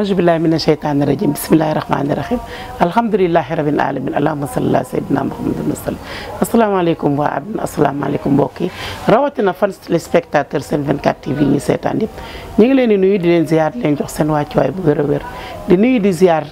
أعوذ بالله من الشيطان الرجيم بسم الله الرحمن الرحيم الحمد لله رب العالمين اللهم صل على سيدنا محمد صلى السلام عليكم وعبد السلام عليكم بوكي رواتنا فانس ليسبكتاتور 24 تي في ني سيتان ديب نيغي لين نوي دي لين زيار لين جوخ سن واتي واي بو غير وير دي نوي دي زيار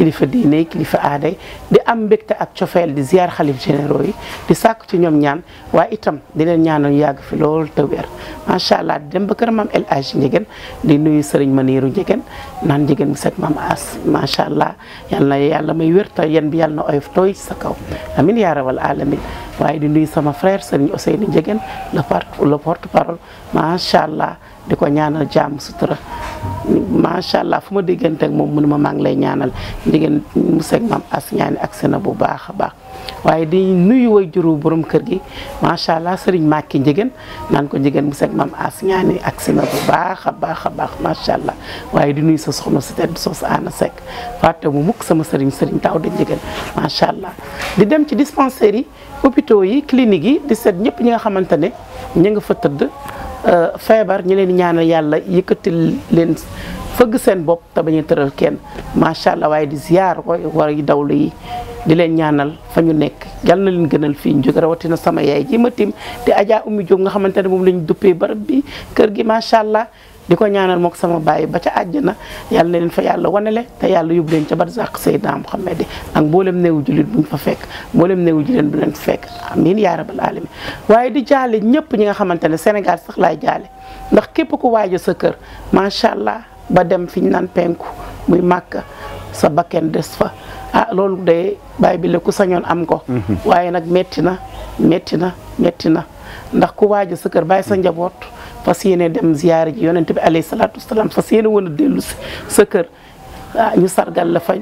kilifa diine kilifa aade di am mbégte ak cofeel di ziar xalif généraux yi di sàkk ci ñoom ñaan waaye itam di leen ñaanal yàgg fi lool te wér macha allah di dem ba kër maam El aj Ndiéguène di nuyu sëriñ Maniiru Ndiéguène naan Ndiéguène bu set maam as macha allah yal na yàlla may wér te yéen bi yàlla na oyof tooy sa kaw amin yaa rabal alamin waaye di nuyu sama frère sëriñ Ousseynou Ndiéguène le porte parole macha allah di ñaanal sutra sutura macha allah fu ma ak mom mënuma ma ngi lay ñaanal digën mu seeg as ñaani ak sene bu baax baax di nuyu way juru borom kër gi macha allah sëriñ màkki njigéen naan ko njigéen mu seeg maam as ñaani ak sene bu baax a baax baax allah di nuyu sa soxna tedd sos aana sek faté mu mukk sama serigne serigne taw da di dem ci dispensaire yi hôpitaux yi clinique yi di set ñepp ñi nga xamantene ñi nga fa Euh, feebar ñu leen di ñaanal yàlla yëkkatil leen fëgg seen bopp te bañ a tëral kenn macha allah waaye di ziar koy war yi dawlu yi di leen ñaanal fa ñu nekk yal na leen gënal fii ñu jóge rawatina sama yaay ji ma tim te Adja Oumy Diop nga xamante ne moom la ñu duppee ba bi kër gi macha allah. di ko ñaanal moo ko sama baay ba ca na yàlla na leen fa yàlla wanele te yàlla yóbbu leen ca barzaq Seydina Muhammad ak mboolem neewu jullit bu ñu fa fekk mboolem neewu jullit bu leen fa fekk amiin yaa rabbal alamin waaye di jaale ñëpp ñi nga xamante ne Sénégal sax laay jaale ndax képp ku waaja sa kër macha allah ba dem fi ñu naan penku muy màkk sa bakken des fa ah loolu de bàyyi bi la ku sañoon am ko mhm. waaye nag metti na metti na metti na ndax ku waaja sa kër bàyyi sa mm. njaboot fas yéene dem ziyaare ji yonent bi alayhi salaatu wasalaam fas yéene woon a dellu sa kër Ah, ñu sargal la fa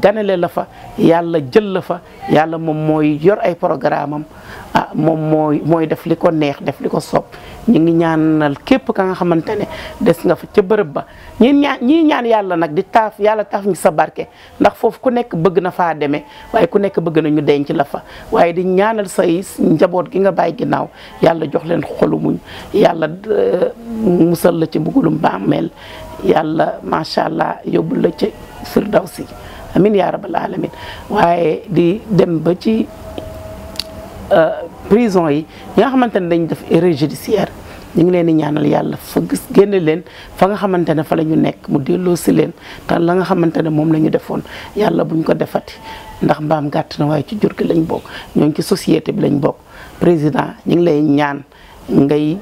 ganale la fa yàlla jël la fa yàlla moom mooy yor ay programme am ah moom mooy mooy def li neex def li ko soob ñu ngi ñaanal képp ka nga xamante ne des nga fa ca bërëb ba ñii ñaan ñii ñaan yàlla nag di taaf yàlla taaf ñu sa barke ndax foofu ku nekk bëgg na faa demee waaye ku nekk bëgg na ñu denc la fa waaye di ñaanal say njaboot gi nga bàyyi ginnaaw yàlla jox leen xolu muñ yàlla euh, musal la ci bugulum bàmmeel yàlla macha allah yóbbu la ca si amin yaa rabbal alamin waaye di dem ba ci euh, prison yi ñi nga xamante ne dañ def erreur judiciaire ñu ngi leen di ñaanal yàlla fa gis génne leen fa nga xamante ne fa la ñu nekk mu delloo si leen te la nga xamante ne moom la ñu defoon yàlla buñ ko defati ndax mbaam gàtt na waaye ci jur gi lañ bokk ñooñ ci société bi lañ bokk président ñu ngi lay ñaan ngay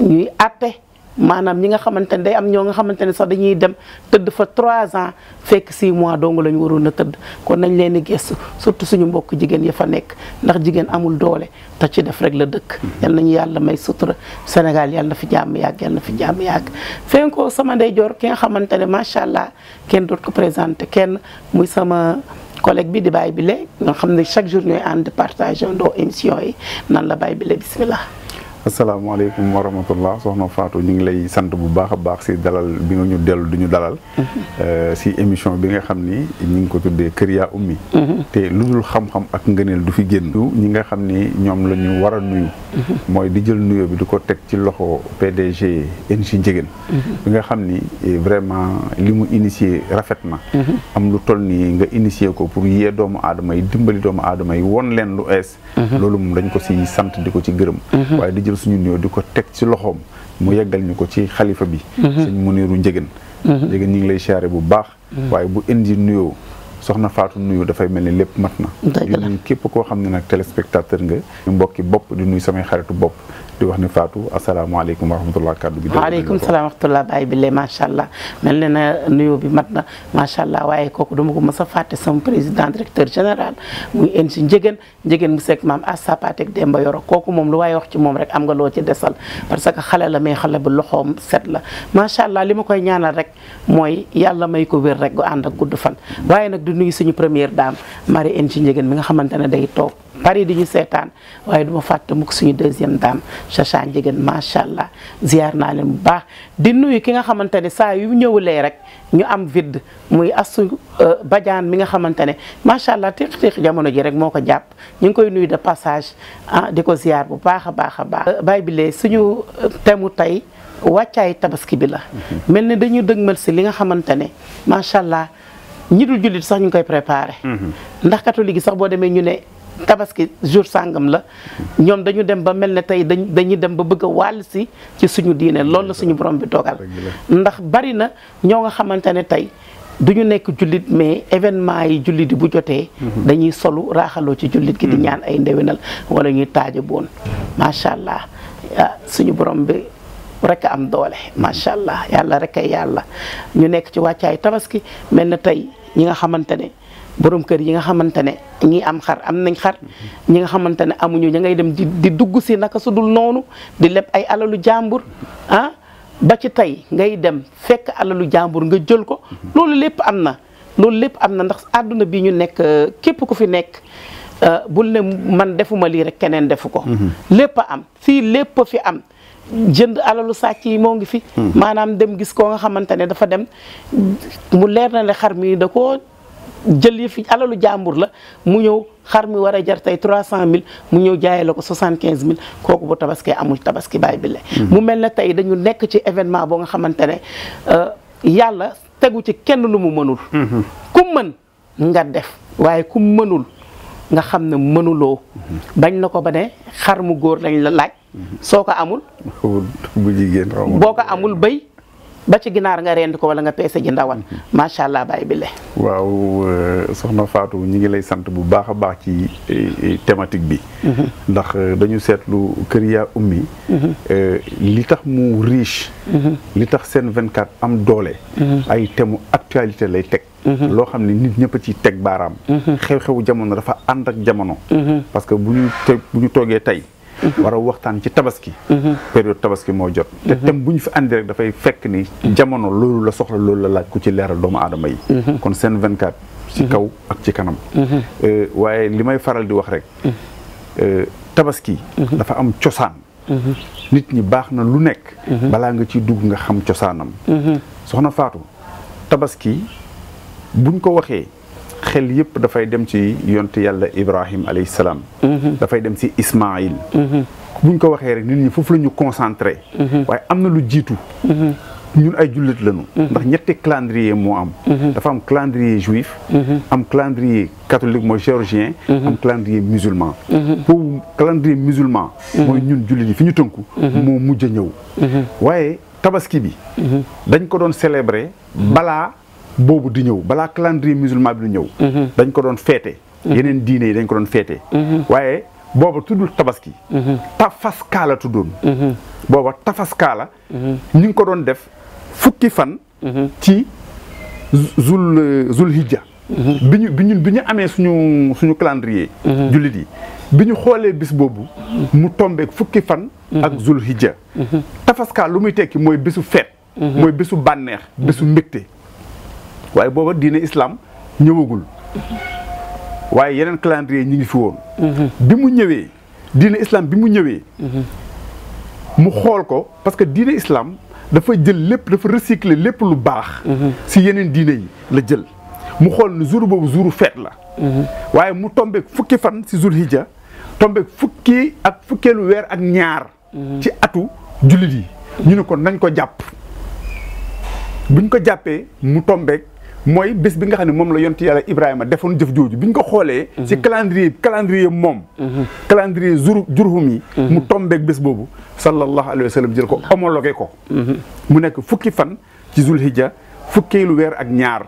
ñuy àtte maanaam ñi nga xamante ne day am ñoo nga xamante ne sax dañuy dem tëdd fa trois ans fekk 6 mois dong la ñu waroon a tëdd kon nañ leen di gëstu surtout suñu mbokku jigéen ya fa nekk ndax jigéen amul doole te ci def rek la dëkk. yal nañu yàlla may sutura Sénégal yal na fi jàmm yàgg yal na fi jàmm yàgg. fenkoo sama ndeyjoor ki nga xamante ne macha allah kenn doot ko présenté kenn muy sama. collègue bi di Baye Bile nga xam ne chaque jour ñooy ànd partage doo émission yi nan la Baye Bile bisimilah. asalaamaaleykum wa rahmatullah soxna Fatou ñu ngi lay sant bu baax a baax si dalal bi nga ñu dellu duñu ñu dalal. Euh, si émission bi nga xam ni ñu ngi ko tuddee Kër yaa ummi. te lu dul xam-xam ak ngëneel du fi génn. ñi nga xam ni ñoom lañu ñu war a nuyu. mooy di jël nuyo bi du ko teg ci loxo PDG NG Ndiéguène. bi nga xam ni eh, vraiment li mu initié rafet na. am lu toll nii nga initié ko pour yee doomu aadama yi dimbali doomu aadama yi won leen lu ees. loolu moom dañ ko si sant di ko ci gërëm. jël suñu nuyoo di ko teg ci loxoom mu yeggal ñu ko ci xalifa bi mhm. sëñ Muniru Njëgën mhm. njëgën ñu ngi lay siyaare bu baax mhm. waaye bu indi nuyoo soxna Faatu nuyu dafay mel ni lépp mat na di képp koo xam ne nag téléspectateur nga ñu mbokki bopp di nuyu samay xaritu bopp di wax ne Fatou asalaamaaleykum wa rahmatulah kaddu gi. waaleykum salaam wa rahmatulah bàyyi allah mel na ne nuyoo bi mat na macha allah waaye kooku dama ko mës a fàtte sama président directeur général muy NG Njëgën Njëgën mu sekk maam Asapatek Demba Yoro kooku moom lu waaye wax ci moom rek am nga loo ci desal parce que xale la mais xale bu loxoom set la macha allah li ma koy ñaanal rek mooy yàlla may ko wér rek gu ànd ak gudd fan waaye nag di nuyu suñu première dame Marie NG Njëgën mi nga xamante ne day toog. Paris di ñu seetaan waaye duma fàtte mukk suñu deuxième dame Chacha Ndiéguène macha allah ziar naa leen bu baax di nuyu ki nga xamante ne saa yu ñëwulee rek ñu am vide muy asu euh, bajaan mi nga xamante ne macha allah jamono ji rek moo ko jàpp ñu ngi koy nuyu de passage ah di ko ziar bu baax a baax a baax bay bi suñu euh, temu tey wàccaay tabaski bi la mm-hmm. mel ni dañu dëgmal si li nga xamante ne macha allah ñi dul jullit sax ñu koy préparé mm-hmm. ndax catholique yi sax boo demee ñu ne tabaski jour sàngam la ñoom dañu dem ba mel ne tey dañ dañuy dem ba bëgg a wàll si ci suñu diinee loolu la suñu borom bi dogal ndax bari na ñoo nga xamante ne tey du ñu nekk jullit mais événement yi jullit bu jotee mhm. dañuy solu raaxaloo ci jullit gi di mhm. ñaan ay ndewenal wala ñuy taaja boon macha allah ah, suñu borom bi rek am doole macha allah yàlla rek ay yàlla ñu nekk ci wàccaay tabaski mel na tey ñi nga xamante ne borom kër yi nga xamante ne ñi am xar am nañ xar ñi nga xamante ne amuñu ña ngay dem di di dugg si naka su dul noonu di leb ay alalu jàmbur ah ba tey ngay dem fekk alalu jàmbur nga jël ko loolu lépp am na loolu lépp am na ndax àdduna bi ñu nekk képp ku fi nekk euh, bul ne man defuma lii rek keneen defu ko mhm. lépp a fi am jënd alalu sàcc yi moo ngi fi mhm. maanaam dem gis koo nga xamante ne dafa dem mu leer na ne xar mii da ko jël yi fi alalu jàmbur la mu ñëw xar mi war a jar tey mille mu ñëw jaayee la ko quinze mille kooku bu tabaskee amul tabaski baay bi la hmm. mu mel na tey dañu nekk ci événement boo nga xamante ne euh, yàlla tegu ci kenn lu mu mënul. Hmm. ku mën nga def waaye ku mënul nga xam ne mënuloo. Hmm. bañ na ko ba ne xar mu góor lañ la laaj. soo ko amul. boo ko amul bay ba ci ginaar nga rendi ko wala nga peese ji ndawan mm-hmm. macha allah baay bi le waaw euh, soxna Fatou ñu ngi lay sant bu baax a baax ci eh, eh, thématique bi. Mm-hmm. ndax euh, dañu seetlu Kër Yaa Ummi. Mm-hmm. Euh, li tax mu riche. li tax seen 24 am doole. ay temu actualité lay teg. loo xam ne nit ñëpp ci teg baaraam. xew-xewu jamono dafa ànd ak jamono. parce que bu ñu bu ñu toogee tey. war waxtaan ci tabaski mhm. période tabaski moo jot te mhm. thème bu ñu fi andi rek dafay fekk ni jamono loolu la soxla loolu la laaj ku ci leeral doomu aadama yi mhm. kon seen 24 ci kaw ak ci kanam euh, waaye li may faral di wax rek euh, tabaski dafa am cosaan nit ñi baax na lu nekk balaa nga ciy dugg nga xam cosaanam soxna Faatu tabaski buñ ko waxee xel yëpp dafay dem ci yontu yàlla Ibrahim alayhi mhm. dem ci Ismaïl. Mhm. buñ ko waxee rek nit ñi foofu la concentré. Mhm. waaye am lu jiitu. ñun ay jullit lañu. ndax calendrier am. am calendrier juif. am calendrier catholique mooy géorgien. am calendrier musulman. calendrier musulman. mooy ñun jullit tabaski bi. dañ ko célébrer boobu di ñëw balaa calendrier musulman bi du ñëw. Mhm. dañ ko doon feete. Mhm. yeneen diine yi dañ ko doon feete. Mhm. waaye booba tuddul tabaski. tafaskaala tuddoon. booba tafaskaala. ñu ngi ko doon def fukki fan. ci zul zul hijja. bi ñu bi ñu amee suñu suñu calendrier. jullit yi bi ñu xoolee bis boobu. mu tombeek fukki fan. ak zul hijja. tafaskaala lu muy tekki mooy bisu feet. mooy bisu bànneex bisu mbégte. waaye booba diine islaam ñëwagul waaye yeneen calendrier ñu ngi fi woon. bi mu ñëwee diine islam bi mu ñëwee. mu xool ko parce que diine islaam dafa jël lépp dafa recycler lépp lu baax. si yeneen diine yi la jël mu xool ni jour boobu jouru feet la. waaye mu tombeek fukki fan si zul hijja tombeek fukki ak fukkeelu weer ak ñaar. ci atu jullit yi. ñu ne kon nañ ko jàpp buñ ko jàppee mu tombeek mooy bés bi nga xam ne moom la yonti yàlla Ibrahima defoon jëf jooju bi ñu ko xoolee. Mhm. ci calendrier calendrier moom. Mhm. calendrier jur jurhum yi. Mhm. mu tombeeg bés boobu. sallallahu alayhi wa sallam jël ko homologué ko. mu nekk fukki fan ci zulhijja fukkeelu weer ak ñaar.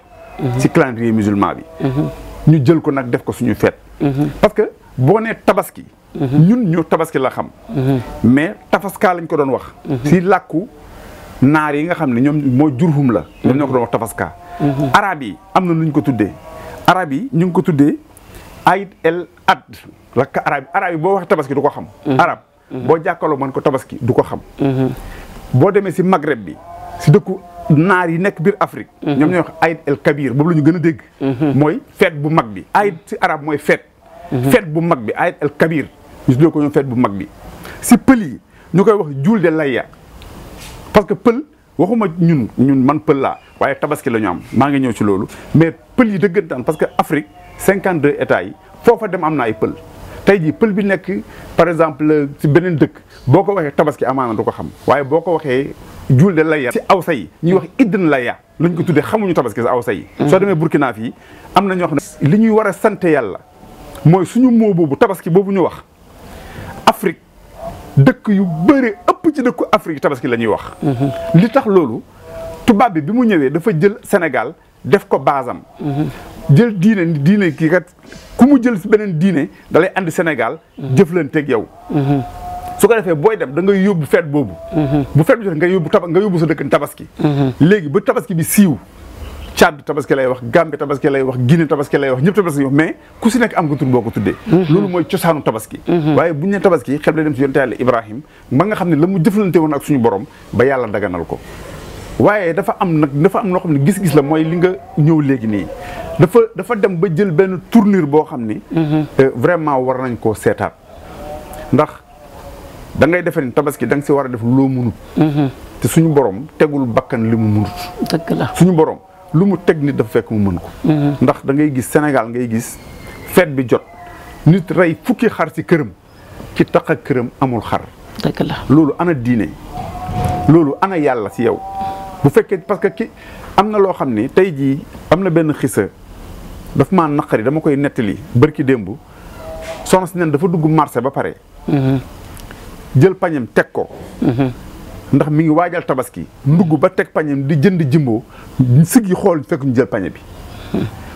ci calendrier musulman bi. ñu jël ko nag def ko suñu feet. parce que boo nee tabaski. ñun ñu tabaski la xam. mais tafaskaa lañ ko doon wax. si làkku naar yi nga xam ne ñoom mooy jurum la. ñoom ñoo ko doon wax araab yi am na ñu ko tuddee arab yi ñu ngi ko tuddee Aïd el Ad lakka arab arab yi boo wax tabaski du ko xam mm-hmm. arab mm-hmm. boo jàkkaloo man ko tabaski du ko xam mm-hmm. boo demee si Maghreb bi si dëkku naar yi nekk biir Afrique ñoom ñooy wax Aïd el Kabir la ñu gën a dégg mooy bu mag bi Aïd si mooy fête fête bu mag bi Aïd el Kabir ko ñoom fête bu mag bi si pël yi ñu koy wax juul de layya parce que pël waxuma ñun ñun man pël waaye tabaski la ñu am maa ngi ñëw ci loolu mais pël yi dëggantaan parce que Afrique 52 états yi foofa dem am na ay pël tey jii pël bi nekk par exemple ci beneen dëkk boo ko waxee tabaski amaana du ko xam waaye boo ko waxee juul de laya ci aw say ñuy wax iddin laya lañ ko tuddee xamuñu tabaski si aw say mm-hmm. soo demee Burkina fii am na ñoo xam li ñuy war a sante yàlla mooy suñu moo boobu tabaski boobu ñu wax Afrique dëkk yu bëri ëpp ci dëkku Afrique tabaski la ñuy wax mm-hmm. li tax loolu tubaab bi bi mu ñëwee dafa jël Sénégal def ko baasam jël diine diine kii kat ku mu jël beneen diine da lay senegal Sénégal jëflanteeg yow su ko defee booy dem da ngay yóbbu feet boobu bu feet bi jot nga yóbbu tab nga yóbbu sa dëkk tabaski léegi ba tabaski bi siiw Tchad tabaski lay wax Gambie tabaski lay wax Guinée tabaski lay wax ñëpp tabaski lay wax mais ku si nekk am nga tur boo ko tuddee loolu mooy cosaanu tabaski waaye bu ñu nee tabaski xel lay dem si yonte yàlla Ibrahim ma nga xam ne la mu jëflante woon ak suñu borom ba yàlla daganal ko waaye dafa am nag dafa am loo xam ne gis-gis la mooy li nga ñëw léegi nii dafa dafa dem ba jël benn tournure boo xam ne mhm. euh, vraiment war nañ koo seetaat ndax dangay defe defee ni tabaski da nga si war a def loo munut. Mhm. te suñu borom tegul bakkan li mu munut. dëgg suñu borom lu mu teg nit fekk mu mën ko. Mhm. ndax da gis Sénégal ngay gis fête bi jot nit rey fukki xar si këram ci tax këram amul xar. dëgg loolu ana diine loolu ana yàlla si yow. bu fekkee parce que ki am na loo xam ne tey jii am na benn xisa dafa ma naqari dama koy nettali bërki démb soxna si neen dafa dugg marché ba pare. Mhm. jël pañam teg ko. Mhm. ndax mi ngi waajal tabaski ndugg ba teg pañam di jënd jimbo yi xool fekk jël pañe bi.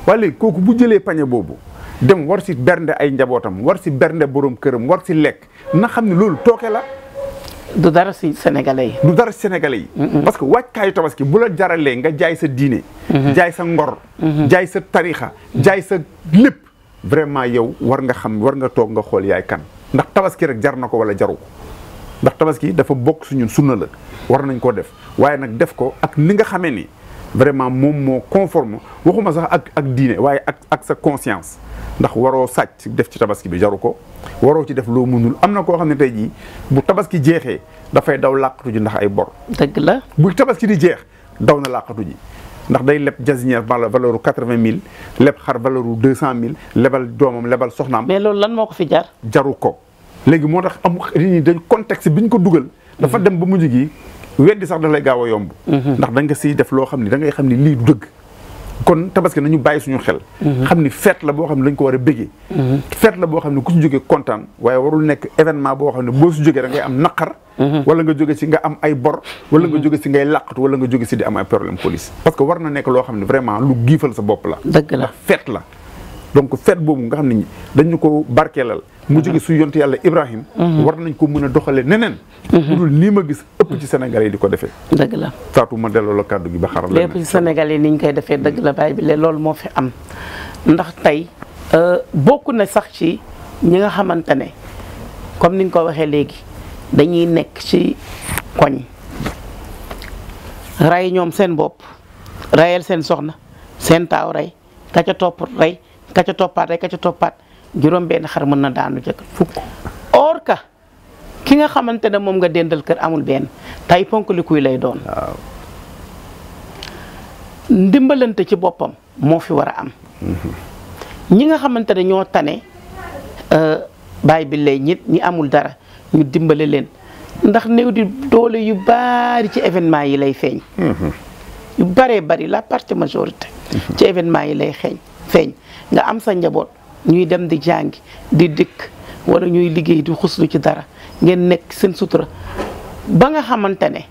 waaye kooku bu jëlee pañe boobu dem war si bernde ay njabootam war si bernde borom këram war si lekk na xam ne loolu tooke la. du dara si sénégalais du dara si sénégalais parce que wacc kay tabaski bu la jaralee nga jaay sa diine. jaay sa ngor. jaay sa tarixa jaay sa lepp vraiment yow war nga xam war nga tok nga xol yaay kan ndax tabaski rek jar nako wala jaru ndax tabaski dafa bok suñu sunna la war nañ ko def waye nak def ko ak ni nga xamé ni vraiment mom mo conforme waxuma sax ak ak diine waye ak ak sa conscience. ndax waroo sàcc def ci tabaski bi jaru ko waroo ci def loo munul am na koo xam ne tey jii bu tabaski jeexee dafay daw làqatu ji ndax ay bor. dëgg la bu tabaski di jeex daw na làqatu ji ndax day leb jasinière valeur u quatre vingt mille leb xar valeur u deux cent mille lebal doomam lebal soxnaam. mais loolu lan moo ko fi jar. jaru ko léegi moo tax am dañuy dañ context bi ñu ko dugal. dafa mhm. dem ba mu mujj gi weddi sax da lay gaaw a yomb. Mhm. ndax da nga siy def loo xam ne da ngay xam ne lii dëgg. kon tabaski nañu bàyyi suñu xel. Mhm. xam ni fête la boo xam ne dañ ko war a bëggee. Mhm. fête la boo xam ne ku si jógee kontaan waaye warul nekk événement boo xam ne boo si jógee da ngay am naqar. Mhm. wala nga jóge si nga am ay bor. wala nga jóge si ngay làqatu wala nga jóge si di am ay problème police. parce que war na nekk loo xam ne vraiment lu giifal sa bopp la. dëgg la ndax fête la donc fête boobu nga xam ne dañu ko barkeelal. mu jóge su yontu yàlla Ibrahim. Mhm. war nañ ko mën a doxalee neneen. lu mhm. nii ma gis ëpp ci Sénégal yi di ko defee. dëgg la Fatou ma delloo la kàddu gi ba xaral lépp ci Sénégal yi ni ñu koy defee dëgg la baay bi le loolu moo fi am ndax tey euh, bokk na sax ci ñi nga xamante ne comme ni nga ko waxee léegi dañuy nekk ci koñ rey ñoom seen bopp reyal seen soxna seen taaw rey ka ca topp rey ka toppaat rey ka ca toppaat. juróom benn xar mën na daanu jëkk fukk or ka ki nga xamante ne moom nga dendal kër amul benn tay ponk li kuy lay doon ndimbalante ci boppam moo fi war a am mhm. ñi nga xamante ne ñoo tane euh, bàyyi bi lay ñi ñi amul dara ñu dimbale leen ndax néew di doole yu baari ci événement yi lay feeñ mhm. yu baree bari la partie majorité mhm. ci événement yi lay xeeñ feeñ nga am sa njaboot ñuy dem di jàngi di dikk wala ñuy liggéey di xuslu ci dara ngeen nekk seen sutura ba nga xamante ne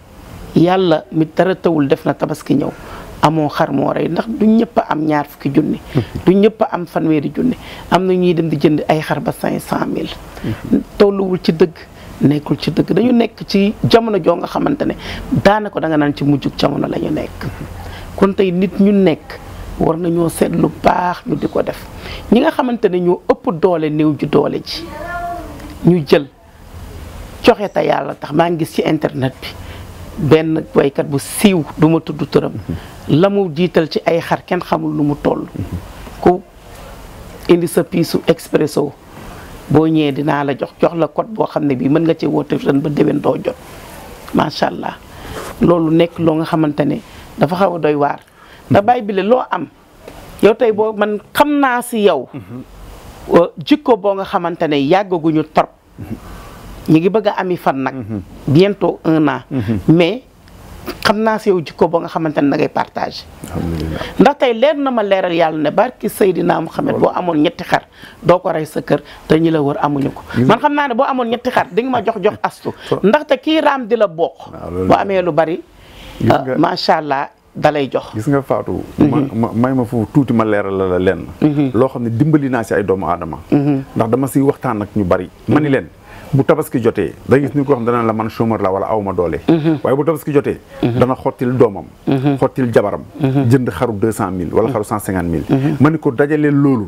yàlla mi dara tawul def na tabaski ñëw amoo xar moo rey ndax du ñëpp am ñaar fukki junni du ñëpp am fanweeri junni am na ñuy dem di jënd ay xar ba cinq cent mille tolluwul ci dëgg nekkul ci dëgg dañu nekk ci jamono joo nga xamante ne daanaka da nga naan ci mujjug jamono lañu nekk kon tey nit ñu nekk war nañoo seet lu baax ñu di ko def ñi nga xamante ne ñoo ëpp doole néew ji doole ji ñu jël joxe te yàlla tax maa ngi gis ci internet bi benn waykat bu siiw duma tudd tëram la mu jiital ci ay xar kenn xamul lu mu toll ku indi sa piisu expresso boo ñëwee dinaa la jox jox la code boo xam ne bii mën nga cee woote ren ba déwén doo jot macha allah loolu nekk loo nga xamante ne dafa xaw a doy waar ndax bàyyi bile loo am yow tey boo man xam naa si yow mm-hmm. euh, jikko boo nga xamante ne yàggaguñu trop mm-hmm. ñu ngi bëgg a ami fan nag mm-hmm. bientôt un an mais xam naa si yow jikko boo nga xamante ne da ngay ndax tey leer na ma leeral yàlla ne barki Seydina Muhammad boo amoon ñetti xar doo ko rey sa kër te ñi la wër amuñu ko man xam naa ne boo amoon ñetti xar di ma jox jox astu ndaxte kii raam di la bokk boo amee lu bari euh, macha allah dalay jox. gis nga Fatou. Mhm. ma may ma foofu tuuti ma leeral la leen. Mhm. loo xam ne dimbali naa si ay doomu aadama. Mhm. ndax dama siy waxtaan ak ñu bari. ma ni leen bu tabaski jotee da gis nit koo xam dana la man chômeur la wala aw ma doole. waaye bu tabaski jotee. dana xottil doomam. xottil jabaram. jënd xaru deux cent mille wala xaru cent cinquante mille. ma ko dajaleel loolu.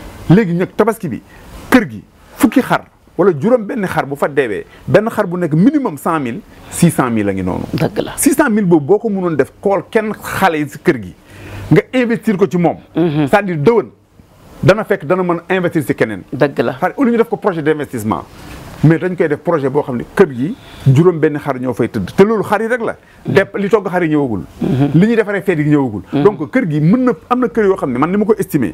léegi nag tabaski bi kër gi fukki xar wala juróom benn xar bu fa deewee benn xar bu nekk minimum cent mille six cent mill a ngi noonu. dëgg la six cent mille boobu boo ko mënoon def kool kenn xale yi si kër gi nga investir ko ci moom. Mhm. sa à dire dëwën dana fekk dana mën a investir si keneen. dëgg la xar au lieu ñu def ko projet d'investissement. mais dañ koy def projet boo xam ne kër yi juróom benn xar ñoo fay tëdd te loolu xar yi rek la dep li togg xar yi ñëwagul li ñuy defaree feet yi ñëwagul donc kër gi mën na am na kër yoo xam ne man ni ma ko estimé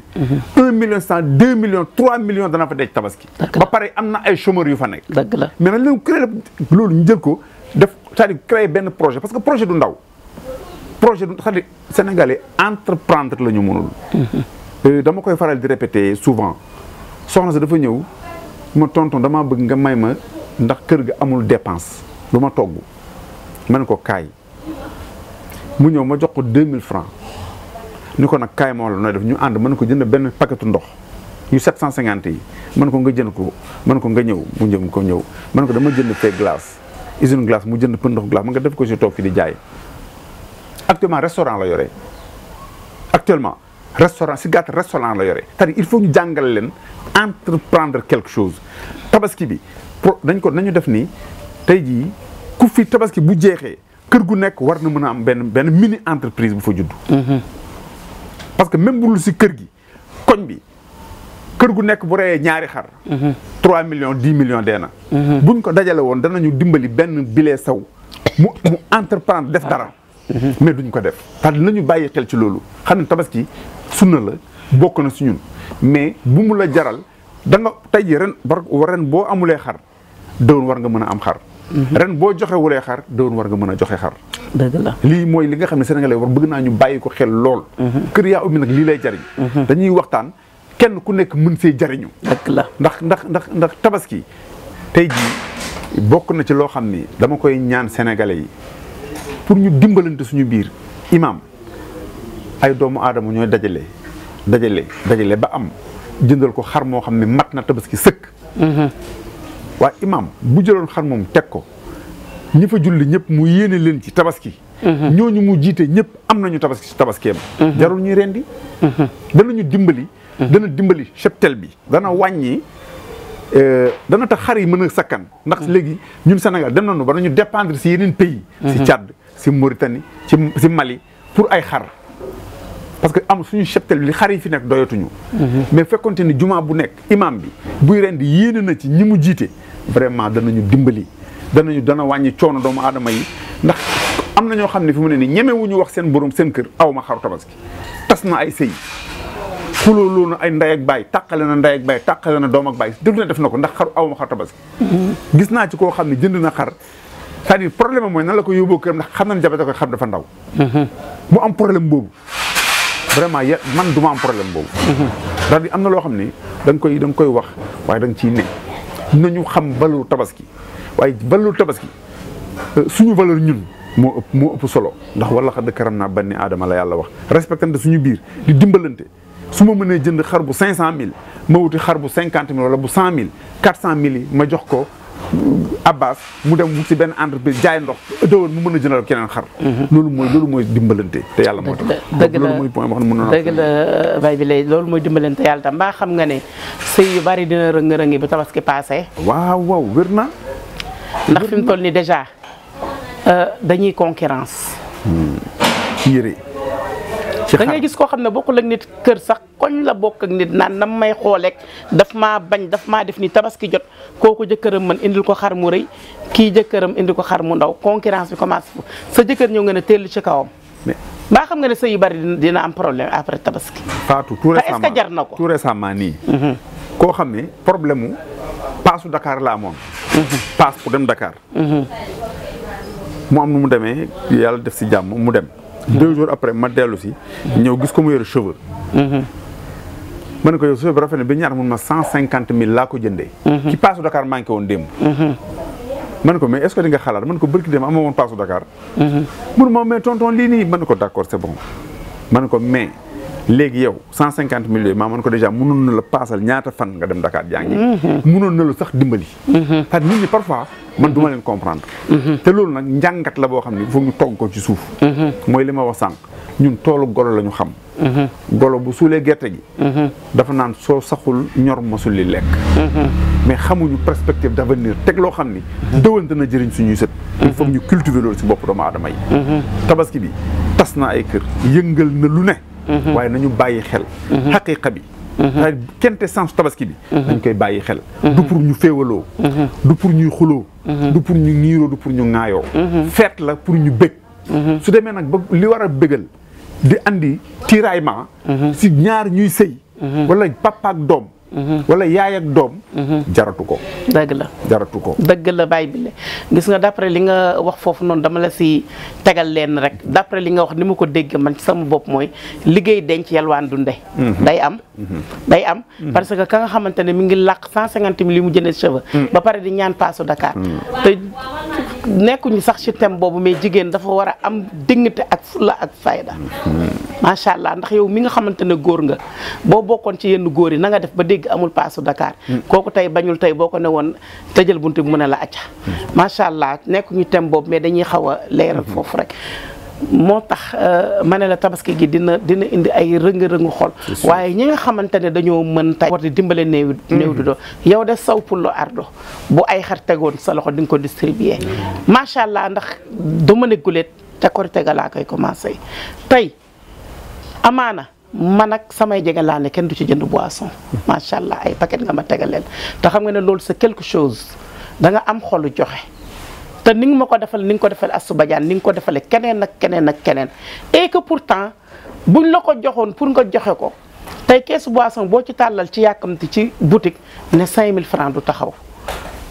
un million cent deux millions trois millions dana fa denc tabaski ba pare am na ay chômeurs yu fa nekk dëgg la mais nañ leen créé loolu ñu jël ko def c'est-à-dire créer benn projet parce que projet du ndaw projet du cest à sénégalais entreprendre la ñu mënul mhm. euh, dama koy faral di répéter souvent soxna si dafa ñëw ma tonton damaa bëgg nga may ma ndax kër ga amul dépense lu ma togg ma ne ko kaay mu ñëw ma jox ko mille francs ni ko nag kaay moo la nooy def ñu ànd mën ko jënd benn paquetu ndox yu 750 yi mën ko nga jënd ko mën ko nga ñëw mu jëm ko ñëw man ko dama jënd fee glace usine glace mu jënd pën ndox glace mën nga def ko si toog fi di jaay actuellement restaurant la yore actuellement restaurant si gàtt restaurant la yore cest à il faut ñu jàngal leen entreprendre quelque chose tabaski bi pro dañ ko nañu def nii tey jii ku fi tabaski bu jeexee kër gu nekk war na mën a am benn benn mini entreprise bu fa judd. Mhm. parce que même bu dul si kër gi koñ bi kër gu nekk bu reyee ñaari xar. 3 mhm. millions 10 millions dee na. Mhm. buñ ko dajale woon danañu dimbali benn bilee saw mu mu entreprendre def dara. Mm-hmm. mais duñ ko def parce nañu bàyyi xel ci loolu xam ne tabaski sunna la bokk na si ñun mais bu mu la jaral danga nga tey jii ren war ren boo amulee xar déwén war nga mën a am xar mm-hmm. boo joxewulee xar déwén war nga mën a joxe xar lii mooy li nga xam ne sénégalais war bëgg naa ñu bàyyi ko xel lool mm-hmm. kër yaa ubbi nag lii lay jariñ dañuy waxtaan kenn ku nekk mën see jariñu dëgg la ndax ndax ndax ndax tabaski tey jii bokk na ci loo xam ni dama koy ñaan sénégalais yi pour ñu dimbalante suñu biir imaam ay doomu aadama ñooy dajale dajale dajale ba am jëndal ko xar moo xam ne mat na tabaski sëkk. Mhm. waaye imaam bu jëloon xar moom teg ko ñi fa julli ñëpp mu yéene leen ci tabaski. Mhm. ñooñu mu jiite ñëpp am nañu tabaski ci tabaskeem. Mhm. jarul ñuy rendi. danañu dimbali. dana dimbali cheptel bi dana wàññi. Euh, dana tax xar yi mën a sakkan. ndax léegi ñun senegal dem na nañu ba ñu dépendre si yeneen pays. si Tchad si Mauritanie ci si Mali pour ay xar parce que am suñu cheptel bi li xar yi fi nekk doyatuñu. Mhm. mais fekkonte ni jumaa bu nekk imam bi buy rendi yéene na ci ñi mu jiite vraiment danañu dimbali danañu dana wàññi coono doomu aadama yi ndax am na ñoo xam ne fi mu ne nii ñemewuñu wax seen boroom seen kër awma ma xaru tabaski tas na ay sëy xulooloo na ay nday ak baay tàqale na nday ak baay tàqale na doom ak baay déglu na def na ko ndax xaru aw ma xaru tabaski. Mhm. gis naa ci koo xam ne jënd na xar. cest à problème mooy nan la ko yóbboo këram ndax xam nañ jabete ko xam dafa ndaw mu am problème boobu vraiment ya man du am problème boobu ndax am na loo xam ni da koy da koy wax waaye da nga ciy ne nañu xam valeur tabaski waaye valeur tabaski euh, suñu valeur ñun moo ëpp moo solo ndax wala xadd karam naa banni aadama la yàlla wax respectante suñu biir di dimbalante su ma mënee jënd xar bu 500000 ma wuti xar bu 50000 wala bu 100000 400000 yi ma jox ko euh, Abbas mu dem wut si benn entreprise jaay ndox dëwoon mu mën a jëndal keneen xar. Mhm. loolu mooy loolu mooy dimbalante yàlla moo tax. dëgg la loolu mooy point wax mën na. loolu mooy dimbalante yàlla tam mbaa xam nga ne sëy yu bari dina rëng-rëngi bu tabaski paase. waaw waaw wér na. ndax fi mu toll nii dèjà euh, dañuy concurrence. ci hmm. da ngay gis ko xam ne bokkul ak nit kër sax koñ la bokk ak nit naan nam may xooleeg daf maa bañ daf maa def ni tabaski jot kooku jëkkëram man indil ko xar mu rëy kii jëkkëram indil ko xar mu ndaw concurrence bi commencé fu sa jëkkër ñëw nga ne teel ci kawam mbaa xam nga ne sa yu bari dina am problème après tabaski Fatou tout récemment est jar na ko tout récemment nii mhm. ko xam ne problème mu paasu Dakar la amoon mhm. paas pour dem Dakar mhm. mu am nu mu demee yàlla def si jàmm mu dem deux jours après ma dellu si. ñëw gis ko mu yore cheveux. Mhm. ma ne ko yow cheveux bi rafet na ba ñaar mun ma laa ko jëndee. Mhm. ci paasu Dakar manqué woon démb. Mhm. ma ne ko mais est-ce que di nga xalaat ma ne ko bërki dem ama woon paasu Dakar. mun ma mais tonton lii nii ma ko d'accord c'est bon ko mais. léegi yow cent cinquante mille yooyu maa mën ko déjà mënoon na la paasal ñaata fan nga dem Dakar jàngi mhm. mënoon na la sax dimbali parce mhm. que nit ñi parfois man du ma leen comprendre mhm. te loolu nag njàngat la boo xam ni foog ñu togg ko ci suuf mooy li ma wax sànq ñun toolu golo lañu xam golo bu suulee gerte gi dafa naan soo saxul ñor mosul li lekk mais xamuñu perspective d'avenir teg loo xam ni dëwante na jëriñ suñuy sët il faut ñu cultiver loolu si bopp doomu aadama yi tabaski bi tas na ay Mm-hmm. waaye nañu bàyyi xel mm-hmm. xaqiqa mm-hmm. bi kente sens tabaski bi dañ koy bàyyi xel du pour ñu féewaloo du pour ñuy xuloo du pour ñu niiroo du pour ñu ŋaayoo feet la pour ñu bëgg su demee nag li war a bëggal di andi tiraillement si ñaar ñuy sëy wala papa ak doom wala yaay ak doom. jaratu ko. dëgg la jaratu ko. dëgg la bàyyi bi la gis nga d'après li nga wax foofu noonu dama la si tegal leen rek d'après li nga wax ni ma ko dégg man ci sama bopp mooy liggéey denc yalwaan dunde mhm. day am. Mhm. day am mhm. parce que ka nga xamante ne mi ngi làq cent cinquante mille li mu jëndee cheveux. ba pare di ñaan paasu Dakar nekkuñu sax ci thème boobu mais jigéen dafa war a am dignité ak fulla ak fayda macha allah ndax yow mi nga xamante ne góor nga boo bokkoon ci yenn góor yi na def ba dégg amul paasu Dakar kooku tey bañul tey boo ko ne woon jël bunt bi mu ne la acca macha allah nekkuñu thème boobu mais dañuy xaw a leeral foofu rek moo tax euh, ma ne la tabaski gi dina dina indi ay rëng-rëngu xol waaye ñi nga xamante ne dañoo mën tay war di dimbale néew mm-hmm. néew di doon yow de saw pullo ardo bu ay xar tegoon sa loxo dinga ko distribuer mm-hmm. macha allah ndax du ma ne guleet te korite ga laa koy commencé tey amaana man ak samay jege laa kenn du ci jënd boisson mm-hmm. macha allah ay paquet nga ma tegaleel te xam nga ne loolu sa quelque chose da nga am xolu joxe te ni nga ma ko defal ni nga ko defal Astou Badiane ni nga ko defale keneen na keneen ak keneen et que pourtant buñ la ko joxoon pour nga joxe ko tey kesu boisson boo ci tàllal ci yàkkamti ci boutique ne mille francs du taxaw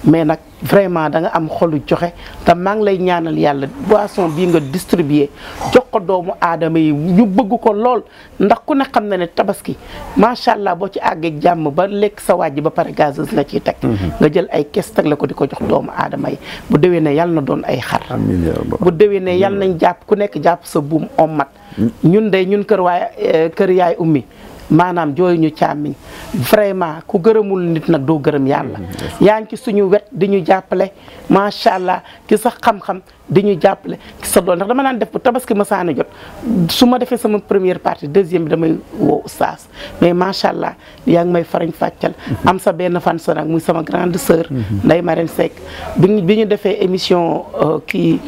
mais nag vraiment da nga am xolu joxe te maa ngi lay ñaanal yàlla boisson bii nga distribuer jox ko doomu aadama yi ñu bëgg ko lool ndax ku ne xam na ne tabaski macha allah boo ci àggee jàmm ba lekk sa waaj ba pare gazeuse nga ciy teg. Mhm. nga jël ay kees teg la ko di ko jox doomu aadama yi bu déwee ne yàlla na doon ay xar. bu déwee ne yàlla nañ jàpp ku nekk jàpp sa buum ommat mm. ñun de ñun kër waay eh, kër yaay ummi. maanaam jooyu ñu càmmiñ vraiment ku gërëmul nit nag doo gërëm yàlla mm, yaa ngi ci suñu wet di ñu jàppale macha allah ci sax xam di ñu jàppale sa dool ndax ma naan def bu tabaski masaana jot su ma defee sama première partie deuxième bi damay woo oustaz mais macha allah yaa ngi may farañ fàccal am sa benn fan sa nag muy sama grande sœur Ndeye Marème Seck bi ñu bi ñu defee émission euh, kii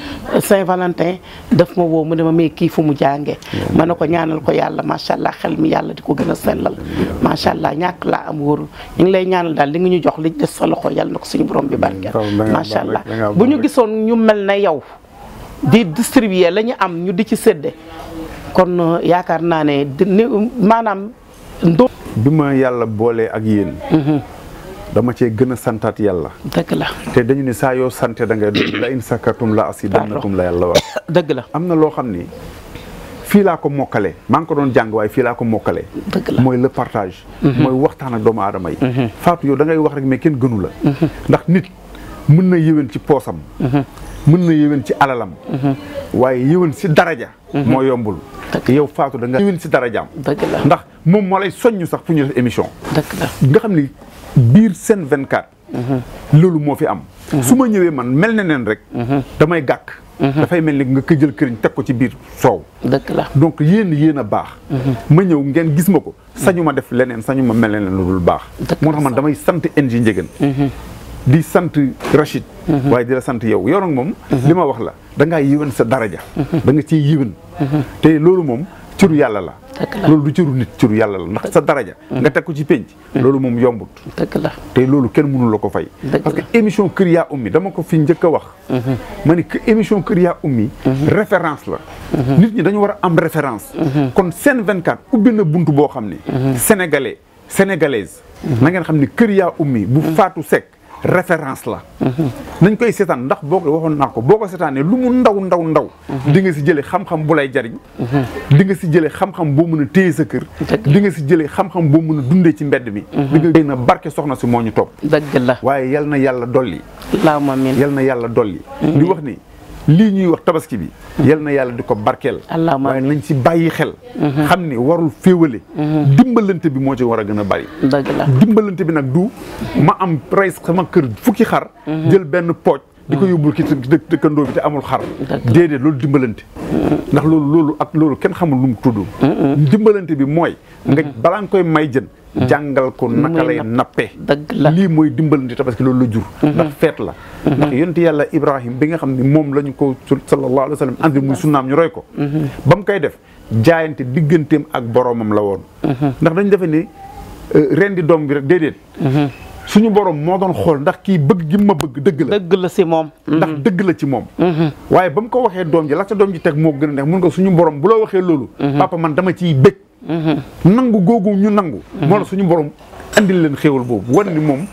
Saint-Valentin daf ma woo mu ne ma mais kii fu mu jàngee ma ne ko ñaanal ko yàlla macha allah xel mi yàlla di ko gën a sellal macha allah ñàkk laa am wóorul ñu ngi lay ñaanal daal li nga ñu jox li sa loxo yàlla na ko suñu borom bi barkeel macha allah bu ñu gisoon ñu mel na yow di distribuer la ñu am ñu di ci sédde kon euh, yaakaar naa ne ni maanaam ndó bi ma yàlla boolee ak yéen mhm. dama cee gën a santaat yàlla dëgg la te dañu ne saa yoo sante da ngay doon la in sakkatum la asidannakum la yàlla wax dëgg la loo xam ni fii laa ko mokkale maa ngi ko doon jàng waaye fii laa ko mokkale mooy le partage mhm. mooy waxtaan ak doomu aadama yi mhm. Fatou yow da wax rek mais kenn gënu la ndax nit mën na yéwén ci poosam mën na yéwén ci alalam. waaye yéwén si daraja. moo yombul. yow Fatou da nga yéwén si darajaam. dëgg la ndax moom moo lay soññu sax fu ñu def émission. dëgg nga xam ni biir seen 24. Mhm. loolu moo fi am. Mhm. su ma ñëwee man mel na nen rek. Mhm. damay gàkk. dafay mel ni nga ko jël këriñ teg ko ci biir soow. dëgg la donc yéen yéen a baax. ma ñëw ngeen gis ma ko sañu ma def leneen sañu ma mel leneen lu baax. moo tax man damay sant NJ Ndiéguène. di sant Rachid. Mhm. waaye di la sant yow yow nag moom. Mhm. li ma wax la da ngaa sa daraja. Mhm. da nga ciy yiwén. te loolu moom cëru yàlla la. loolu du cëru nit cëru yàlla la ndax sa daraja. nga teg ko ci penc. loolu moom yombut. dëgg te loolu kenn mënu la ko fay. parce que émission Kër Yaa Ummi dama ko fi njëkk a wax. ma ne émission Kër Yaa Ummi. référence la. nit ñi dañu war a am référence. kon Sen 24 ubbi na buntu boo xam ne. sénégalais sénégalaise. na ngeen xam ne Kër Yaa Ummi référence la. nañ koy seetaan ndax boo ko waxoon naa ko boo ko seetaanee lu mu ndaw ndaw ndaw. di nga si jëlee xam-xam bu lay jariñ. di nga si jële xam-xam boo mën a téye sa kër. di nga si jëlee xam-xam boo mun a dundee ci mbedd mi. Mhm. di nga na barke soxna si moo ñu topp. dëgg la waaye yal na yàlla dolli. allahumma amiin yal na yàlla dolli. li mhm. wax ni. lii ñuy wax tabaski bi yal na yàlla di ko barkeel waaye nañ si bàyyi xel mhm. xam ni warul féewale mhm. dimbalante bi moo ci war a gën a bari dimbalante bi nag du ma am rey sama kër fukki xar mhm. jël benn pooj di ko yóbbul ki dëkkandoo bi te amul xar déedéet loolu dimbalante ndax loolu loolu ak loolu kenn xamul lu mu dimbalante bi mooy nga balaa nga koy may jën jàngal ko naka lay nappe lii mooy dimbal ndi tabaski loolu la jur ndax feet la ndax yonent yàlla ibrahim bi nga xam ne moom la ñu ko sallallahu alayhi wa sallam andi muy sunnaam ñu roy ko ba mu koy def jaayante digganteem ak boroomam la woon ndax dañ defe ni euh, rendi doom bi rek déedéet suñu borom moo doon xool ndax kii bëgg gi ma bëgg dëgg la dëgg la si moom ndax dëgg la ci moom waaye ba mu ko waxee doom ji la sa doom ji teg moo gën a neex mun nga suñu borom bu la waxee loolu papa man dama ciy bëgg nangu googu ñu nangu. moo la suñu borom andil leen xéewal boobu wan ni moom.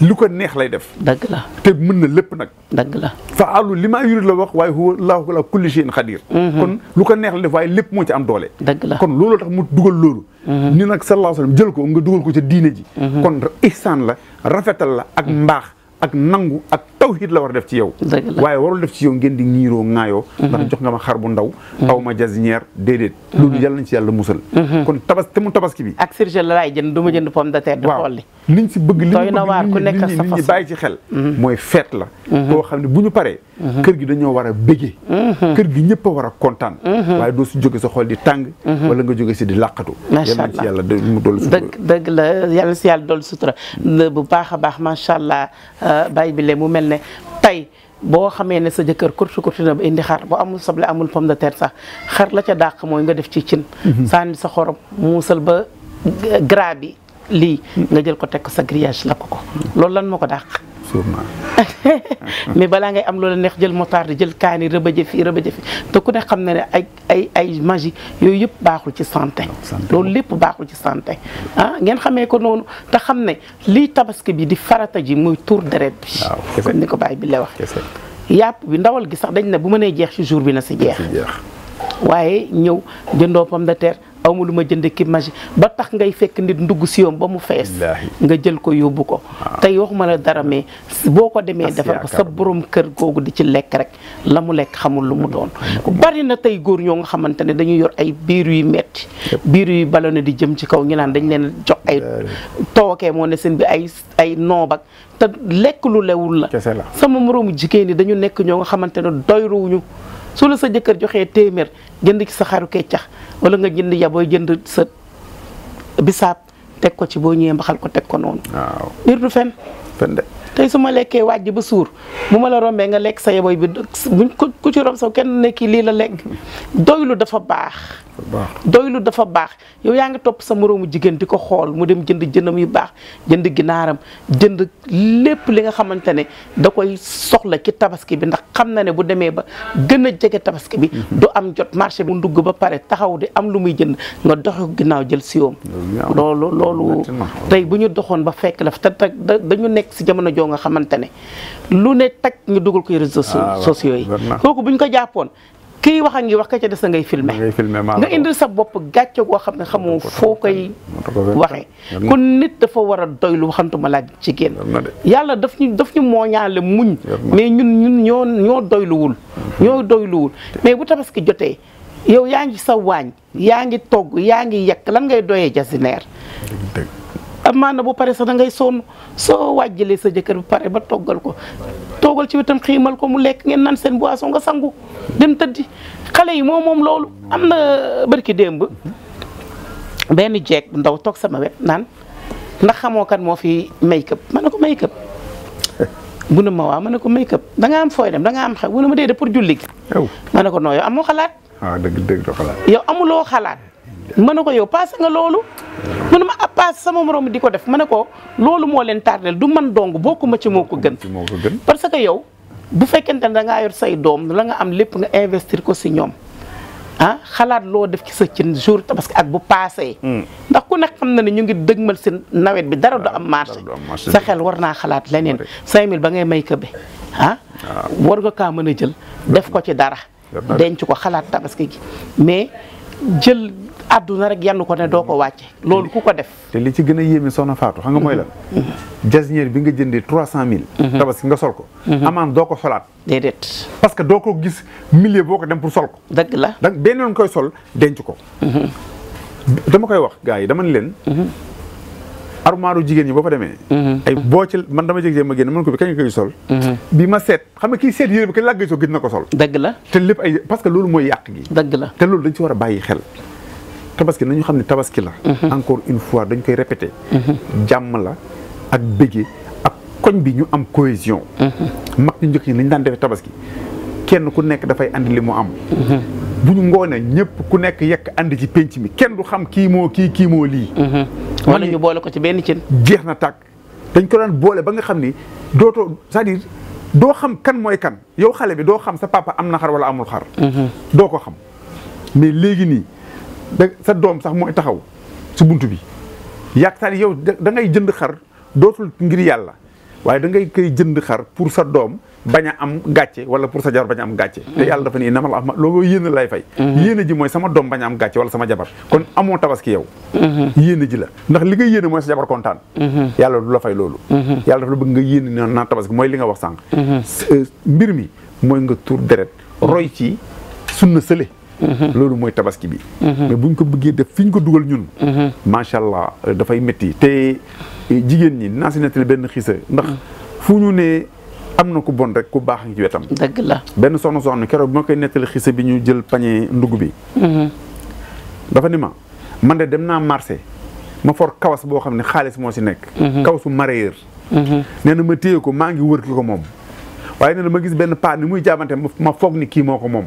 lu ko neex lay def. dëgg la te mën na lépp nag. dëgg la faalu li maa yurid la wax waaye huwa allahu ala kulli shay'in xadir. Mhm. kon lu ko neex lay def waaye lépp moo ci am doole. dëgg la kon looloo tax mu dugal loolu. Mhm. ni nag sallallahu alayhi wa jël ko nga dugal ko ca diine ji. Mhm. kon ihsaan la rafetal la ak mbaax. ak nangu ak tawhid la war a def ci yow waaye warul def ci yow ngeen di ñiiroo ŋaayoo mhm. ndax jox nga ma xar bu ndaw mhm. aw ma jasinière déedéet mhm. loolu yàlla nañ ci yàlla musal kon tabas te mu tabaski bi ak la laay jënd du ma jënd pomme de terre di xolli liñ si bëgg liñ bëgg la koo xam ne bu ñu paree kër gi dañoo war a bégee gi ñëpp war a kontaan waaye doo si jóge sa xol di tàng wala nga jóge si di làqatu yàlla ci yàlla mu dool sutura la bu baax a baax macha allah bàyyi bi mu mel ne tey boo xamee ne sa jëkkër kurtu kurtu na ba indi xar boo amul soble amul pomme de terre sax xar la ca dàq mooy nga def ci cin mhm. sànni sa xorom muusal ba gras bi lii mhm. nga jël ko teg sa grillage la ko ko lan moo ko dàq sûrement mais balaa ngay am loola neex jël moutarde jël kaani rëbëje fii rëbëje fii te ku ne xam na ne ay ay ay magie yooyu yëpp baaxul ci santé loolu lépp baaxul ci santé ah ngeen xamee ko noonu te xam ne lii tabaski bi di farata ji muy tour deret bi comme ni ko bàyyi bi la wax yàpp bi ndawal gi sax dañ ne bu mënee jeex ci jour bi na si jeex waaye ñëw jëndoo pomme de terre awma lu ma jënd ki magi ba tax ngay fekk nit ndugg siyoom ba mu fees nga jël ko yóbbu ko ah. tey waxuma la dara mais boo ko demee defar ko sa boroom kër googu di ci lekk rek la mu lekk xamul lu mu doon bari na tey góor ñoo nga xamante ne dañu yor ay biir yuy metti biir yuy ballonné di jëm ci kaw ñu dañ leen jox ay tookee moo ne seen bi ay ay noobak te lekk lu la sama moroomu jigéen ñi dañu nekk ñoo nga xamante ne doyruwuñu su la sa jëkkër joxee téeméer jënd ci sa xaru keccax wala nga jënd yabooy jënd sa bisaat teg ko ci boo ñëwee mbaxal ko teg ko noonu. waaw liir du fen. fen de. tey su ma lekkee wàjj ba suur bu ma la rombee nga lekk sa yeboy bi buñ ku ci romb sa kenn nekki lii la lekk doylu dafa baax doylu dafa baax yow yaa ngi topp sa moroomu jigéen di ko xool mu dem jënd jëndam yu baax jënd ginaaram jënd lépp li nga xamante ne da koy soxla ci tabaski bi ndax xam na ne bu demee ba gën a jege tabaski bi mhm. du am jot marché bi mu ndugg ba pare taxaw di am lu muy jënd nga doxe ginnaaw jël siyoom loolu loolu tey bu ñu doxoon ba fekk joo nga xamante ne lu ne tag ñu dugal ko réseaux ah, sociaux yi kooku buñ ko jàppoon kii wax a ngi wax ka ca des na ngay filmé nga indi sa bopp gàcce goo xam ne xamoo foo koy waxee kon nit dafa war a doy lu waxantuma laaj ci génn yàlla daf ñu daf ñu mooñaale muñ mais ñun ñun ñoo ñoo doyluwul mm-hmm. ñoo doyluwul mais bu tabaski jotee yow yaa ngi sa waañ yaa ngi togg yaa ngi yekk lan ngay doyee jasineer amaana bu pare sax dangay ngay sonn soo wàjjalee sa jëkkër bu pare ba toggal ko toggal ci wetam xiimal ko mu lekk ngeen naan seen bu boisson nga sangu dem tëddi xale yi moom moom loolu am na barki démb benn jeeg ndaw toog sama we naan ndax xamoo kan moo fi make up ma ne ko make up bu ne ma waaw ma ne ko make da nga am fooy dem danga am xew bu ne ma dee de pour julli gi ma ne ko noo xalaat. waaw ah, xalaat. yow amuloo xalaat. ma ne ko yow passé nga loolu mu ne ma ah passé sama morom di ko def ma ne ko loolu moo leen tardel du man dong bokkuma ci moo ko gën parce que yow bu fekkente ne da ngaa yor say doom la nga am lépp nga investir ko si ñoom ah xalaat loo def ci sa cin jour tabaski ak bu paasee. Hmm. ndax ku ne xam na ne ñu ngi dëgmal si nawet bi dara du am marché sa xel war naa xalaat leneen 5000 ba ngay may këbe ah, ah war nga kaa mën a jël def ko ci dara denc ko xalaat tabaski gi mais jël àdduna rek yann ko ne doo ko wàcce mm-hmm. loolu ku ko def te li ci gën a yéeme soxna Fatou xam nga mooy lan mm-hmm. jasnière bi nga jëndee trois cent mille mm-hmm. tabaski nga sol ko amaan doo ko solaat déedéet parce que doo ko gis millier boo ko dem pour sol ko dëgg la donc benn yoon koy sol denc ko dama koy wax gars yi dama ne leen armoire jigéen ñi boo demee ay boo ci man dama jég-jég ma génn ko bi kañ koy ma seet xam nga kii seet yére bi kañ làggee na ko sol dëgg la te lépp parce que loolu mooy yàq gi dëgg la te loolu dañ ci war a bàyyi xel tabaski nañu xam ne tabaski la. Mhm. encore une fois dañ koy répété. Mhm. jàmm la ak bëggee ak koñ bi ñu am cohésion. Mhm. mag ñu njëkk ñi daan defee tabaski kenn ku nekk dafay andi li mu am. bu ñu ngoonee ñëpp ku nekk yekk andi ci penc mi kenn du xam kii moo kii kii moo lii. wala ñu boole ko ci benn cin. jeex na tàkk dañ ko daan boole ba nga xam ni dootoo c'est-à-dire doo xam kan mooy kan yow xale bi doo xam sa papa am na xar wala amul xar. doo ko xam mais léegi nii. da sa doom sax mooy taxaw si bunt bi yaakaar yow da ngay jënd xar dootul ngir yàlla waaye da ngay koy jënd xar pour sa doom bañ a am gàcce wala pour sa jabar bañ a am gàcce te mhm. yàlla dafa ne namal am loolu yéen a lay fay mhm. yéene ji mooy sama doom a am gàcce wala sama jabar kon amoo mhm. la ndax li nga yéene mooy sa jabar kontaan yàlla du la fay loolu yàlla dafa la bëgg nga yéene ne naa tabaski mooy li nga wax sànq euh, mbir mi mooy nga tuur deret roy ci sunna sële Mm-hmm. loolu mooy tabaski bi. bu mm-hmm. buñ ko bëggee def fi ñu ko dugal ñun. Mm-hmm. macha allah dafay métti te eh, jigéen ñi naa si nettali benn xiisa ndax mm. fu ñu ne am na ku bon rek ku baax ngi ci wetam. dëgg la benn soxna soxna keroog bi ma koy nettali xiisa bi ñu jël pañe ndugg bi. dafa ne ma man de dem naa marché ma for kawas boo xam ne xaalis moo si nekk. kawasu mareyeur. nee na ma téye ko maa ngi wër ki ko moom waaye nee na ma gis benn paa ni muy jaabante ma foog ni kii moo ko moom.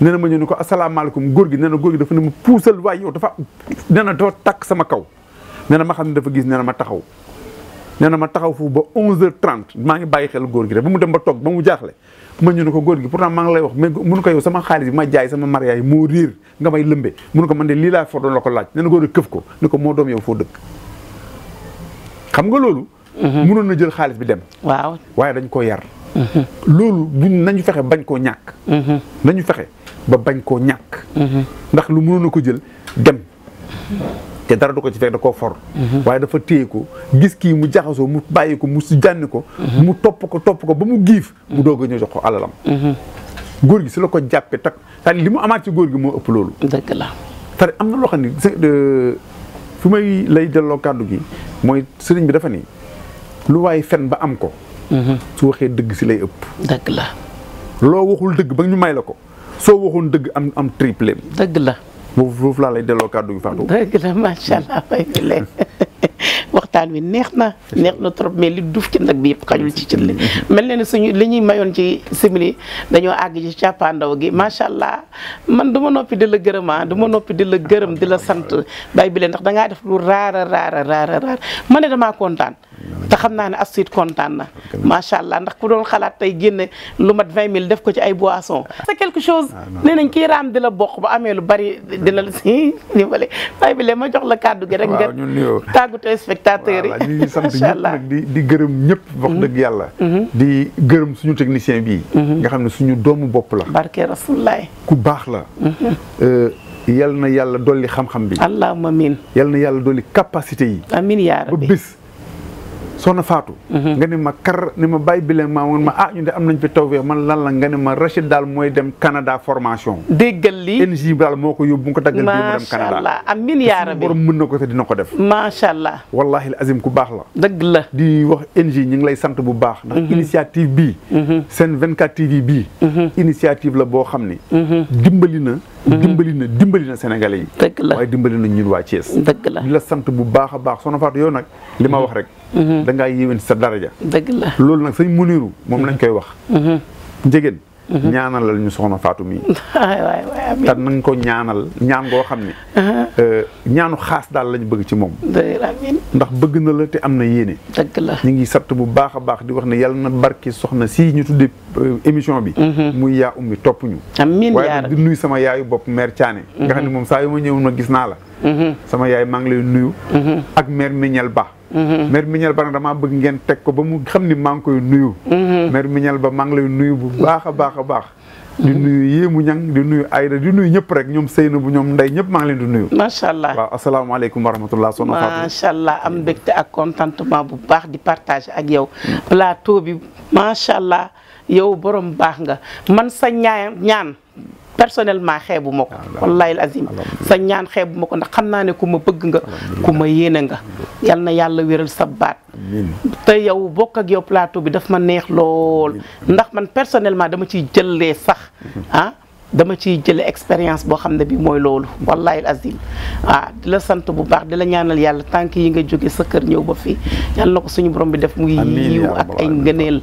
nee na ma ñu ni ko asalaamaaleykum góor gi nee na góor gi dafa ne ma puusal waay yow dafa nee na doo takk sama kaw nee na ma xam ne dafa gis nee na ma taxaw nee na ma taxaw foofu ba 11h30 maa ngi bàyyi xel góor gi rek ba mu dem ba toog ba mu jaaxle ma ñu ne ko góor gi pourtant maa ngi lay wax mais mun ko yow sama xaalis bi ma jaay sama mariage moo riir nga may lëmbe mun ko man de lii laa foo doon la ko laaj nee na góor gi këf ko ni ko moo doom yow foo dëkk xam nga loolu mënoon mhm. na jël xaalis bi dem waaw waaye dañ koo yar mhm. loolu buñ nañu fexe bañ koo ñàkk mhm. nañu fexe ba bañ koo ñàkk. Mhm. ndax lu mënoon na ko jël dem. te dara du ko ci fekk da koo for. Mhm. waaye dafa téye ko gis kii mu jaxasoo mu bàyyi ko mu si jànni ko. Mhm. mu topp ko topp ko ba mu giif. mu doog a jox ko alalam. góor gi si la ko jàppee tak cest li mu amaat ci góor gi moo ëpp loolu. dëgg la cest am na loo xam ne euh, fu may lay delloo kàddu gi mooy sëriñ bi dafa ni lu waaye fen ba am ko. su waxee dëgg si lay ëpp. dëgg la loo waxul dëgg ba ñu may la ko. soo waxoon dëgg am am triplé. dëgg la. boobu foofu laa lay kàddu gi Fatou. macha allah fay waxtaan wi neex na neex na trop mais li duuf ci nag bi yëpp xajul ci cër li mel na ne suñu li ñuy mayoon ci simili dañoo àgg ci càppaandaw gi macha allah man du ma noppi di la gërëm ah du ma noppi di la gërëm di la sant bàyyi bi leen ndax dangaa def lu raara raara raara raara ma ne damaa kontaan. te xam naa ne Astou it kontaan na macha allah ndax ku doon xalaat tey génne lu mat vingt mille def ko ci ay boissons. c'est quelque chose ah, nee nañ kii raam di la bokk ba amee lu bari dina la ah. si dimbale waaye bi lee ma jox la kàddu gi rek nga tàggu téléspectateurs yi ñu ngi sant ñëpp nag di di gërëm ñëpp wax mm-hmm. dëgg yàlla mm-hmm. di gërëm suñu bi mm-hmm. nga xam ne suñu doomu bopp la barke rasulaay ku la euh, yal na yàlla dolli xam-xam bi allahumma amin yal na yàlla dolli capacité yi amin yaa rabbi soxna Fatou. Mhm. nga ni ma kar ni ma bàyyi bileen maa ma ah ñu ne am nañ fi tawfeex man lan la nga ni ma Rachid daal mooy dem Canada formation. déggal lii énergie daal moo ko yóbbu bu ko daggal bii mu dem Canada macha allah amiin yaa rabbi borom na ko te dina ko def. macha allah. wallahi al azim ku baax la. dëgg la di wax énergie ñu ngi lay sant bu baax. ndax mhm. initiative bi seen 24 TV bi initiative la boo xam ni. Mhm. dimbali na. Mm-hmm. dimbali na dimbali na sénégalais yi. dëgg la waaye dimbali na ñun waa Thiès. dëgg la di la sant bu baax a baax soxna Fatou yow nag. li ma mm-hmm. wax rek. Mm-hmm. da ngaa si sa daraja. dëgg loolu nag sëñ Muniru moom lañ koy wax. njëgeen. Mm-hmm. ñaanalal ñu soxna Fatou mii. waay te nañ ko ñaanal ñaan goo xam ne. Mm-hmm. Euh, ñaanu xaas daal lañ bëgg ci moom. ndax bëgg na la te am na yéene. dëgg la ngi sant bu baax a baax di wax ne yàlla na barke soxna si ñu tuddee euh, émission bi. Mm-hmm. muy yaa ummi topp ñu. amiin waaye di nuyu sama yaayu bopp mère Thiané. nga xam ne moom saa yu ma ñëwoon ma gis naa la. Mm-hmm. sama yaay maa ngi lay nuyu mm-hmm. ak mère miñal Ba mm-hmm. mère miñal Ba dama bëgg ngeen tek ko ba mu xamni ni ngi koy nuyu mère miñal Ba maa ngi lay nuyu bu baaxa baaxa baax di nuyu yéemu ñang di nuyu ayra di nuyu ñëpp rek ñom seyna bu ñom nday ñëpp maa ngi leen di nuyu sha allah assalamu alaykum wa rahmatullah soxna ma sha allah am mbégte ak contentement bu baax di partage ak yow plateau bi sha allah yow borom baax nga man sa ñaan personnellement xeebu wallahi azim sa ñaan xeebu ndax xam ne ku bëgg nga ku yéene nga yal yàlla wéral sa baat te yow bokk ak yow plateau bi daf ma neex lool ndax man personnellement dama ciy jëlee sax ah dama ciy jële expérience boo xam ne bi mooy loolu wallahi azim ah di la sant bu baax di la ñaanal yàlla tànk yi nga jóge sa kër ñëw ba fi yàlla na ko suñu borom bi def mu muy yiw ak ay ngëneel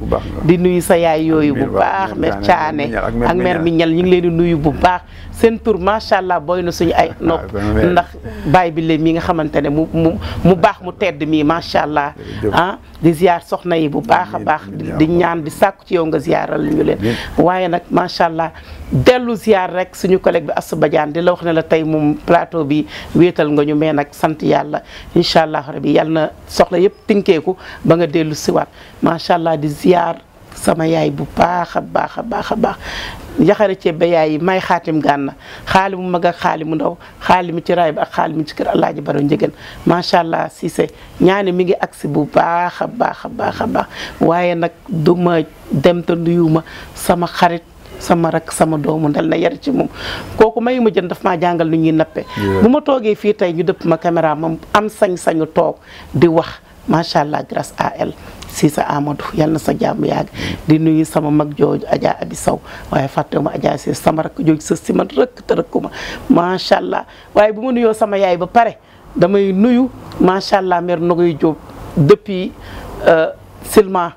di nuyu sa yaay yooyu bu baax mère Thiané ak mère Mignel ñu ngi leen di nuyu bu baax seen tur macha allah booy na suñu ay nopp ah, ndax baay bi leen mi nga xamante ne mu mu mu baax mu tedd mii macha allah ah di ziar soxna yi bu baax a baax di ñaan di sàkku ci yow nga ziaral ñu leen waaye nag macha allah dellu ziar rek suñu collègue bi Assou Badiane di la wax ne la tey moom plateau bi wéetal nga ñu mais nag sant yàlla incha allah rabi yàlla na soxla yëpp tinkeeku ba nga dellu siwaat macha allah di ziar sama yaay bu baax a baax a baax a baax yaxare ceeb yaay yi may xaatim gànna xaali mu mag xaali mu ndaw xaali mu ci raay bi ak xaali mi ci kër Alaaji Baro Njëgën macha allah Cissé ñaane mi ngi agsi bu baax a baax a baax a baax waaye nag du ma dem te nuyuma sama xarit sama rak sama doomu ndel na yar ci moom kooku mayu ma jën daf maa jàngal nu ñuy nappe bu ma toogee fii tey ñu dëpp ma caméra moom am sañ-sañu toog di wax macha allah grâce à si sa Amadou yal na sa jàmm yàgg di nuyu sama mag jooju Adja Abi Saw waaye fàttewuma Adja si sama rakk jooj sa si man rëkk te rëkkuma macha allah waaye bu ma nuyoo sama yaay ba pare damay nuyu macha allah mère Nogoy Diop depuis euh, Silma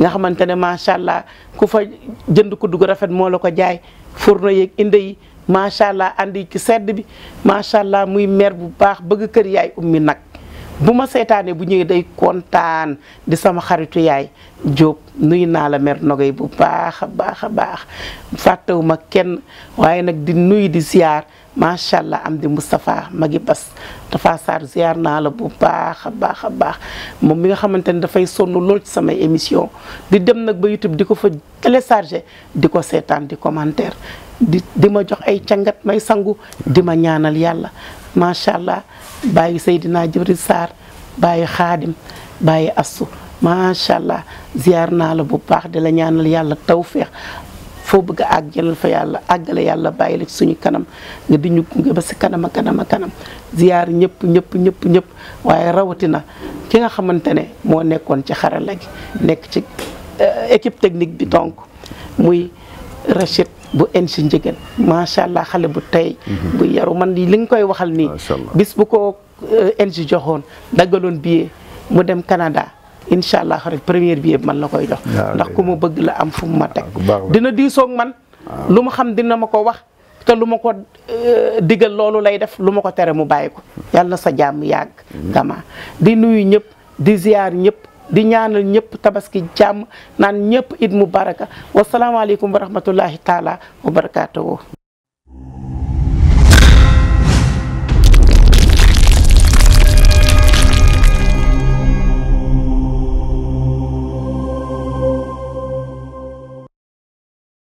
nga xamante ne macha allah ku fa jënd ku dugg rafet moo la ko jaay fourneau yeeg inde yi. macha allah andi ci sedd bi macha allah muy mère bu baax bëgg kër yaay ummi nag. bu ma seetaanee bu ñëwee day kontaan di sama xaritu yaay Jóob nuyu naa la mer nogay bu baax a baax a baax fàttewuma kenn waaye nag di nuyu di ziar macha allah am di Moustapha magi bas dafa saar ziar naa la bu baax a baax a baax moom mi nga xamante ne dafay sonn lool ci samay émission di dem nag ba YouTube di ko fa télécharger di ko seetaan di commentaire di di ma jox ay cangat may sangu di ma ñaanal yàlla macha allah bàyyi Seydina Jibril Sarr bàyyi xaadim bàyyi assu macha allah ziar naa la bu baax di la ñaanal yàlla tawféex foo bëgg a àggalal fa yàlla àggale yàlla bàyyi la ci suñu kanam nga di ñu gunge ba si kanam a kanam a kanam ziar ñëpp ñëpp ñëpp ñëpp waaye rawatina ki nga xamante ne moo nekkoon ci xarala nekk ci euh, équipe technique bi tonk muy Rachid bu en si njëgën macha allah xale bu tey. Mhm. bu yaru man li nga koy waxal nii. bis bu ko en eh, si joxoon daggaloon billet mu dem Canada. incha allah rek première billet bi man na koy jox. ndax ku ma bëgg la am fu mu ma teg. Ah, dina diisoog man. Ah. lu ma xam dina ma ko wax. te lu ma ko eh, digal loolu lay def lu ma ko tere mu bàyyi ko. yàlla na sa jàmm yàgg. Mhm. gama di nuyu ñëpp di ziar ñëpp. di ñaanal ñëpp tabaski jàmm naan ñëpp it mu baraka wasalaamaaleykum wa rahmatullahi taala wa barakaatuhu